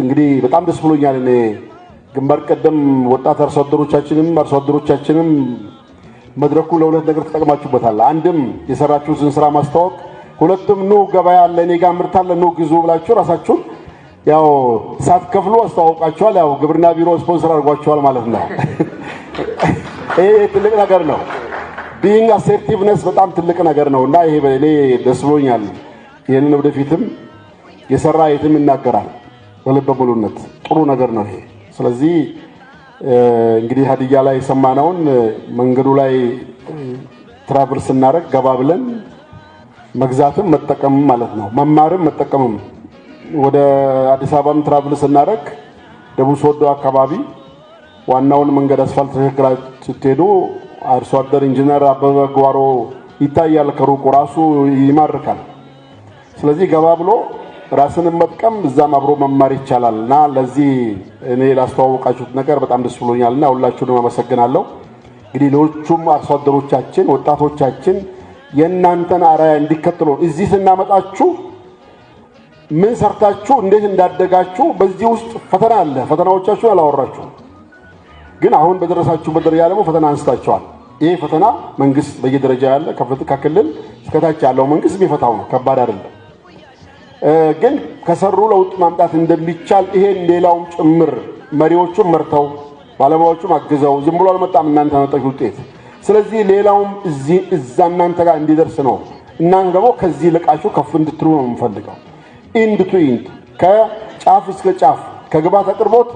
እንግዲህ በጣም ደስ ብሎኛል። እኔ ግንባር ቀደም ወጣት አርሶ አደሮቻችንም አርሶ አደሮቻችንም መድረኩ ለሁለት ነገር ተጠቅማችሁበታል። አንድም የሰራችሁትን ስራ ማስተዋወቅ፣ ሁለትም ኑ ገበያ አለ እኔ ጋር ምርት አለ ኑ ግዙ ብላችሁ ራሳችሁን ያው ሳትከፍሉ አስተዋውቃችኋል። ያው ግብርና ቢሮ ስፖንሰር አድርጓችኋል ማለት ነው። ይሄ ትልቅ ነገር ነው። ቢንግ አሴርቲቭነስ በጣም ትልቅ ነገር ነው እና ይሄ በእኔ ደስ ብሎኛል። ይህንን ወደፊትም የሰራ የትም ይናገራል በልበ ሙሉነት ጥሩ ነገር ነው ይሄ። ስለዚህ እንግዲህ ሀዲያ ላይ የሰማነውን መንገዱ ላይ ትራቨል ስናደርግ ገባ ብለን መግዛትም መጠቀምም ማለት ነው፣ መማርም መጠቀምም። ወደ አዲስ አበባም ትራቨል ስናደርግ ደቡብ ሶዶ አካባቢ ዋናውን መንገድ አስፋልት ተሸክራ ስትሄዱ አርሶ አደር ኢንጂነር አበበ ጓሮ ይታያል፣ ከሩቁ ራሱ ይማርካል። ስለዚህ ገባ ብሎ ራስንም መጥቀም እዛም አብሮ መማር ይቻላል እና ለዚህ እኔ ላስተዋወቃችሁት ነገር በጣም ደስ ብሎኛል እና ሁላችሁንም አመሰግናለሁ። እንግዲህ ሌሎቹም አርሶ አደሮቻችን፣ ወጣቶቻችን የእናንተን አርአያ እንዲከተሉ እዚህ ስናመጣችሁ ምን ሰርታችሁ እንዴት እንዳደጋችሁ በዚህ ውስጥ ፈተና አለ። ፈተናዎቻችሁን አላወራችሁም፣ ግን አሁን በደረሳችሁበት ደረጃ ደግሞ ፈተና አንስታችኋል። ይህ ፈተና መንግስት በየደረጃ ያለ ከክልል እስከታች ያለው መንግስት የሚፈታው ነው። ከባድ አይደለም። ግን ከሰሩ ለውጥ ማምጣት እንደሚቻል ይሄን ሌላውም ጭምር መሪዎቹም መርተው ባለሙያዎቹም አግዘው ዝም ብሎ አልመጣም እናንተ መጣች ውጤት። ስለዚህ ሌላውም እዛ እናንተ ጋር እንዲደርስ ነው። እናንተ ደግሞ ከዚህ ልቃችሁ ከፍ እንድትሉ ነው የምንፈልገው። ኢንድ ቱ ኢንድ ከጫፍ እስከ ጫፍ ከግባት አቅርቦት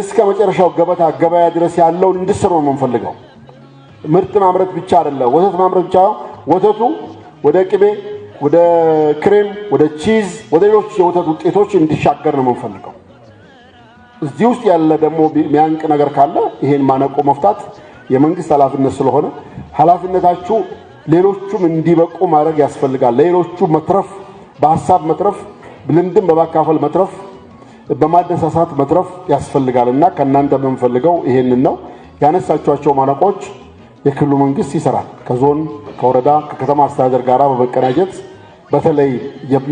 እስከ መጨረሻው ገበታ ገበያ ድረስ ያለውን እንድትሰሩ ነው የምንፈልገው። ምርት ማምረት ብቻ አይደለም፣ ወተት ማምረት ብቻ ወተቱ ወደ ቅቤ ወደ ክሬም፣ ወደ ቺዝ፣ ወደ ሌሎች የወተት ውጤቶች እንዲሻገር ነው የምንፈልገው። እዚህ ውስጥ ያለ ደግሞ ሚያንቅ ነገር ካለ ይሄን ማነቆ መፍታት የመንግስት ኃላፊነት ስለሆነ ኃላፊነታችሁ ሌሎቹም እንዲበቁ ማድረግ ያስፈልጋል። ለሌሎቹ መትረፍ፣ በሀሳብ መትረፍ፣ ልምድን በማካፈል መትረፍ፣ በማደሳሳት መትረፍ ያስፈልጋል እና ከእናንተ የምንፈልገው ይሄንን ነው። ያነሳችኋቸው ማነቆች የክልሉ መንግስት ይሰራል። ከዞን ከወረዳ ከከተማ አስተዳደር ጋር በመቀናጀት በተለይ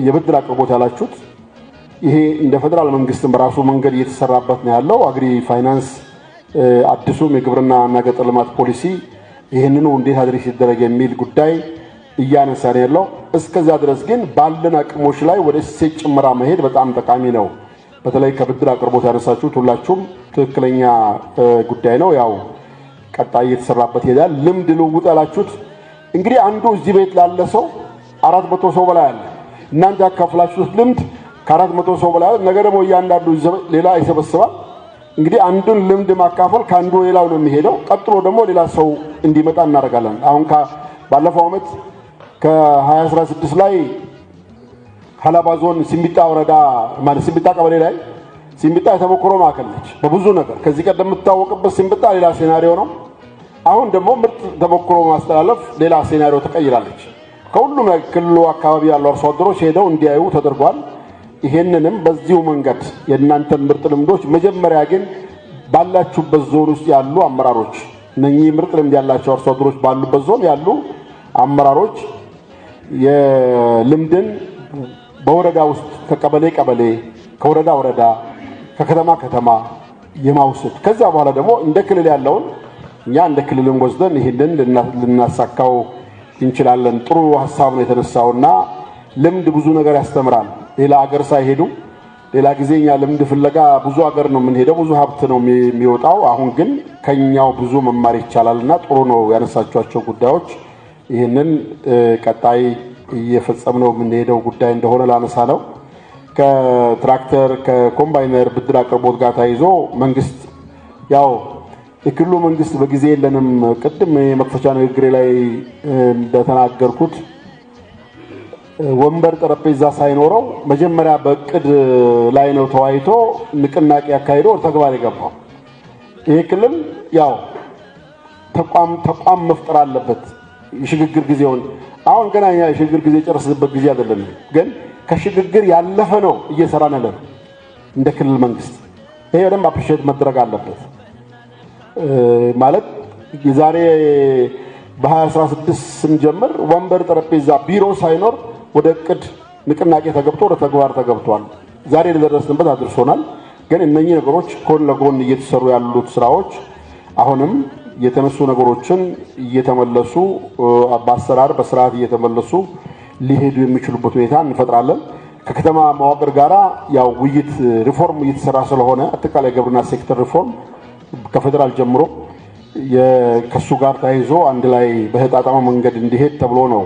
የብድር አቅርቦት ያላችሁት ይሄ እንደ ፌዴራል መንግስትም በራሱ መንገድ እየተሰራበት ነው ያለው። አግሪ ፋይናንስ አዲሱም የግብርናና ገጠር ልማት ፖሊሲ ይህንኑ እንዴት አድሬስ ይደረግ የሚል ጉዳይ እያነሳ ነው ያለው። እስከዛ ድረስ ግን ባለን አቅሞች ላይ ወደ እሴት ጭመራ መሄድ በጣም ጠቃሚ ነው። በተለይ ከብድር አቅርቦት ያነሳችሁት ሁላችሁም ትክክለኛ ጉዳይ ነው ያው ቀጣይ እየተሰራበት ይሄዳል። ልምድ ልውውጥ ያላችሁት እንግዲህ አንዱ እዚህ ቤት ላለ ሰው አራት መቶ ሰው በላይ አለ። እናንተ ያካፍላችሁት ልምድ ከአራት መቶ ሰው በላይ አለ። ነገ ደግሞ እያንዳንዱ ሌላ ይሰበስባል። እንግዲህ አንዱን ልምድ ማካፈል ከአንዱ ሌላው ነው የሚሄደው። ቀጥሎ ደግሞ ሌላ ሰው እንዲመጣ እናደርጋለን። አሁን ባለፈው ዓመት ከ2016 ላይ ሀላባ ዞን ሲምቢጣ ወረዳ ማለት ሲምቢጣ ቀበሌ ላይ ሲምቢጣ የተሞክሮ ማዕከል ነች። በብዙ ነገር ከዚህ ቀደም የምትታወቅበት ሲምቢጣ ሌላ ሴናሪዮ ነው። አሁን ደግሞ ምርጥ ተሞክሮ ማስተላለፍ ሌላ ሴናሪዮ ተቀይራለች። ከሁሉም ክልሉ አካባቢ ያሉ አርሶ አደሮች ሄደው እንዲያዩ ተደርጓል። ይሄንንም በዚሁ መንገድ የእናንተን ምርጥ ልምዶች መጀመሪያ ግን ባላችሁበት ዞን ውስጥ ያሉ አመራሮች እነኚህ ምርጥ ልምድ ያላቸው አርሶ አደሮች ባሉበት ዞን ያሉ አመራሮች የልምድን በወረዳ ውስጥ ከቀበሌ ቀበሌ፣ ከወረዳ ወረዳ፣ ከከተማ ከተማ የማውሰድ ከዛ በኋላ ደግሞ እንደ ክልል ያለውን እኛ እንደ ክልልም ወስደን ይህንን ልናሳካው እንችላለን። ጥሩ ሀሳብ ነው የተነሳው እና ልምድ ብዙ ነገር ያስተምራል። ሌላ አገር ሳይሄዱ ሌላ ጊዜ እኛ ልምድ ፍለጋ ብዙ አገር ነው የምንሄደው፣ ብዙ ሀብት ነው የሚወጣው። አሁን ግን ከኛው ብዙ መማር ይቻላልና ጥሩ ነው ያነሳቸዋቸው ጉዳዮች። ይህንን ቀጣይ እየፈጸምነው የምንሄደው ጉዳይ እንደሆነ ላነሳ ነው። ከትራክተር ከኮምባይነር ብድር አቅርቦት ጋር ተያይዞ መንግስት ያው የክልሉ መንግስት በጊዜ የለንም። ቅድም የመክፈቻ ንግግሬ ላይ እንደተናገርኩት ወንበር ጠረጴዛ ሳይኖረው መጀመሪያ በእቅድ ላይ ነው ተዋይቶ ንቅናቄ አካሂዶ ተግባር የገባው። ይሄ ክልል ያው ተቋም ተቋም መፍጠር አለበት። የሽግግር ጊዜውን አሁን ገና ያ የሽግግር ጊዜ የጨረስንበት ጊዜ አይደለም፣ ግን ከሽግግር ያለፈ ነው እየሰራን ያለ እንደ ክልል መንግስት። ይሄ በደንብ አፕሪሼት መደረግ አለበት። ማለት የዛሬ በ2016 ስንጀምር ወንበር፣ ጠረጴዛ፣ ቢሮ ሳይኖር ወደ እቅድ ንቅናቄ ተገብቶ ወደ ተግባር ተገብቷል። ዛሬ ለደረስንበት አድርሶናል። ግን እነኚህ ነገሮች ጎን ለጎን እየተሰሩ ያሉት ስራዎች አሁንም የተነሱ ነገሮችን እየተመለሱ በአሰራር በስርዓት እየተመለሱ ሊሄዱ የሚችሉበት ሁኔታ እንፈጥራለን። ከከተማ መዋቅር ጋራ ያው ውይይት ሪፎርም እየተሰራ ስለሆነ አጠቃላይ የግብርና ሴክተር ሪፎርም ከፌዴራል ጀምሮ ከሱ ጋር ተያይዞ አንድ ላይ በተጣጣመ መንገድ እንዲሄድ ተብሎ ነው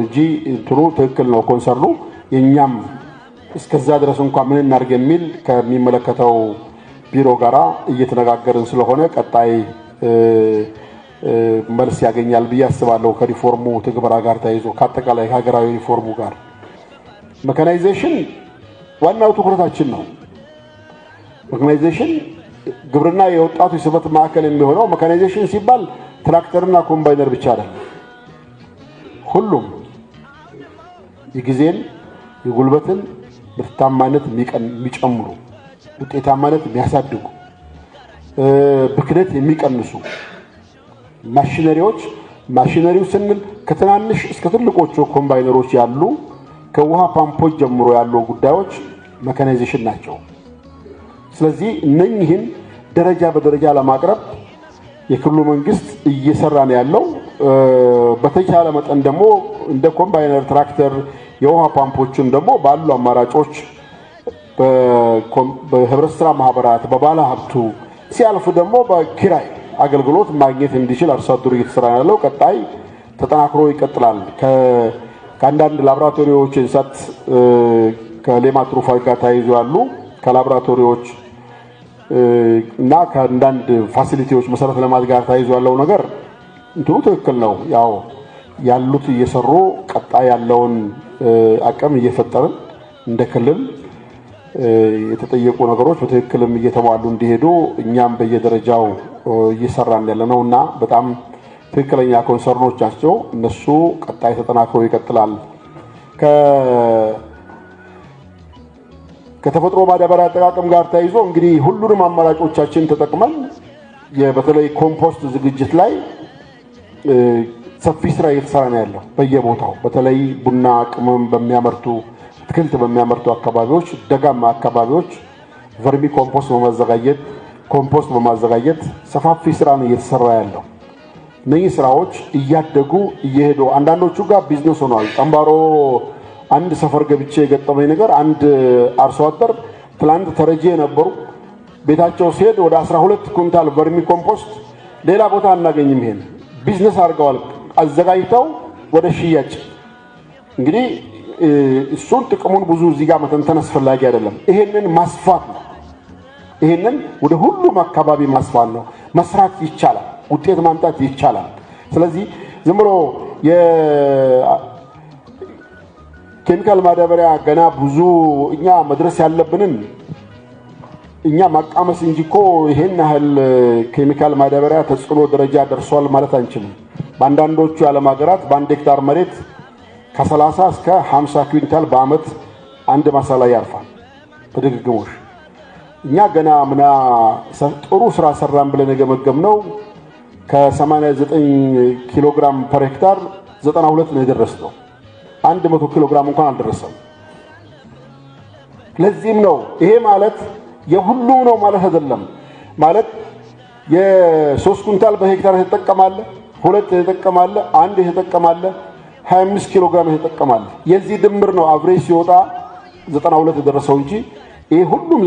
እንጂ እንትኑ ትክክል ነው። ኮንሰርኑ የእኛም እስከዛ ድረስ እንኳ ምን እናድርግ የሚል ከሚመለከተው ቢሮ ጋራ እየተነጋገርን ስለሆነ ቀጣይ መልስ ያገኛል ብዬ አስባለሁ። ከሪፎርሙ ትግበራ ጋር ተያይዞ ከአጠቃላይ ከሀገራዊ ሪፎርሙ ጋር መካናይዜሽን ዋናው ትኩረታችን ነው። መካናይዜሽን ግብርና የወጣቱ የስበት ማዕከል የሚሆነው መካናይዜሽን ሲባል ትራክተርና ኮምባይነር ብቻ አይደለም። ሁሉም የጊዜን የጉልበትን ምርታማነት የሚጨምሩ ውጤታማነት የሚያሳድጉ ብክነት የሚቀንሱ ማሽነሪዎች ማሽነሪው ስንል ከትናንሽ እስከ ትልቆቹ ኮምባይነሮች ያሉ ከውሃ ፓምፖች ጀምሮ ያሉ ጉዳዮች መካናይዜሽን ናቸው። ስለዚህ እነኝህን ደረጃ በደረጃ ለማቅረብ የክልሉ መንግስት እየሰራ ነው ያለው። በተቻለ መጠን ደግሞ እንደ ኮምባይነር ትራክተር፣ የውሃ ፓምፖችን ደግሞ ባሉ አማራጮች በህብረት ስራ ማህበራት፣ በባለ ሀብቱ ሲያልፍ ደግሞ በኪራይ አገልግሎት ማግኘት እንዲችል አርሶ አደሩ እየተሰራ ያለው ቀጣይ ተጠናክሮ ይቀጥላል። ከአንዳንድ ላብራቶሪዎች እንስሳት ከሌማት ትሩፋት ጋር ተያይዞ ያሉ ከላብራቶሪዎች እና ከአንዳንድ ፋሲሊቲዎች መሰረተ ልማት ጋር ተያይዞ ያለው ነገር እንትኑ ትክክል ነው። ያው ያሉት እየሰሩ ቀጣይ ያለውን አቅም እየፈጠርን እንደ ክልል የተጠየቁ ነገሮች በትክክልም እየተሟሉ እንዲሄዱ እኛም በየደረጃው እየሰራን ያለ ነው እና በጣም ትክክለኛ ኮንሰርኖች ናቸው። እነሱ ቀጣይ ተጠናክሮ ይቀጥላል። ከተፈጥሮ ማዳበሪያ አጠቃቀም ጋር ተያይዞ እንግዲህ ሁሉንም አማራጮቻችን ተጠቅመን በተለይ ኮምፖስት ዝግጅት ላይ ሰፊ ስራ እየተሰራ ነው ያለው በየቦታው በተለይ ቡና ቅመም በሚያመርቱ አትክልት በሚያመርቱ አካባቢዎች፣ ደጋማ አካባቢዎች ቨርሚ ኮምፖስት በማዘጋጀት ኮምፖስት በማዘጋጀት ሰፋፊ ስራ ነው እየተሰራ ያለው። እነኚህ ስራዎች እያደጉ እየሄዱ አንዳንዶቹ ጋር ቢዝነስ ሆኗል። ጠንባሮ አንድ ሰፈር ገብቼ የገጠመኝ ነገር አንድ አርሶ አደር ትላንት ተረጂ የነበሩ ቤታቸው ሲሄድ ወደ 12 ኩንታል በርሚ ኮምፖስት ሌላ ቦታ አናገኝም። ይሄን ቢዝነስ አድርገዋል አዘጋጅተው ወደ ሽያጭ። እንግዲህ እሱን ጥቅሙን ብዙ እዚህ ጋር መተንተን አስፈላጊ አይደለም። ይሄንን ማስፋት ነው። ይሄንን ወደ ሁሉም አካባቢ ማስፋት ነው። መስራት ይቻላል፣ ውጤት ማምጣት ይቻላል። ስለዚህ ዝም ብሎ ኬሚካል ማዳበሪያ ገና ብዙ እኛ መድረስ ያለብንን እኛ ማቃመስ እንጂ እኮ ይሄን ያህል ኬሚካል ማዳበሪያ ተጽዕኖ ደረጃ ደርሷል ማለት አንችልም። በአንዳንዶቹ የዓለም ሀገራት በአንድ ሄክታር መሬት ከ30 እስከ 50 ኩንታል በዓመት አንድ ማሳ ላይ ያርፋል በድግግሞሽ። እኛ ገና ምና ጥሩ ስራ ሰራን ብለን የገመገምነው ከ89 ኪሎ ግራም ፐር ሄክታር 92 ነው የደረስነው። አንድ መቶ ኪሎ ግራም እንኳን አልደረሰም። ለዚህም ነው ይሄ ማለት የሁሉም ነው ማለት አይደለም። ማለት የሶስት ኩንታል በሄክታር ተጠቀማለ፣ ሁለት ተጠቀማለ አንድ ተጠቀማለ፣ 25 ኪሎ ግራም ተጠቀማለ። የዚህ ድምር ነው አብሬጅ ሲወጣ 92 የደረሰው እንጂ ይሄ ሁሉም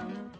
Thank you.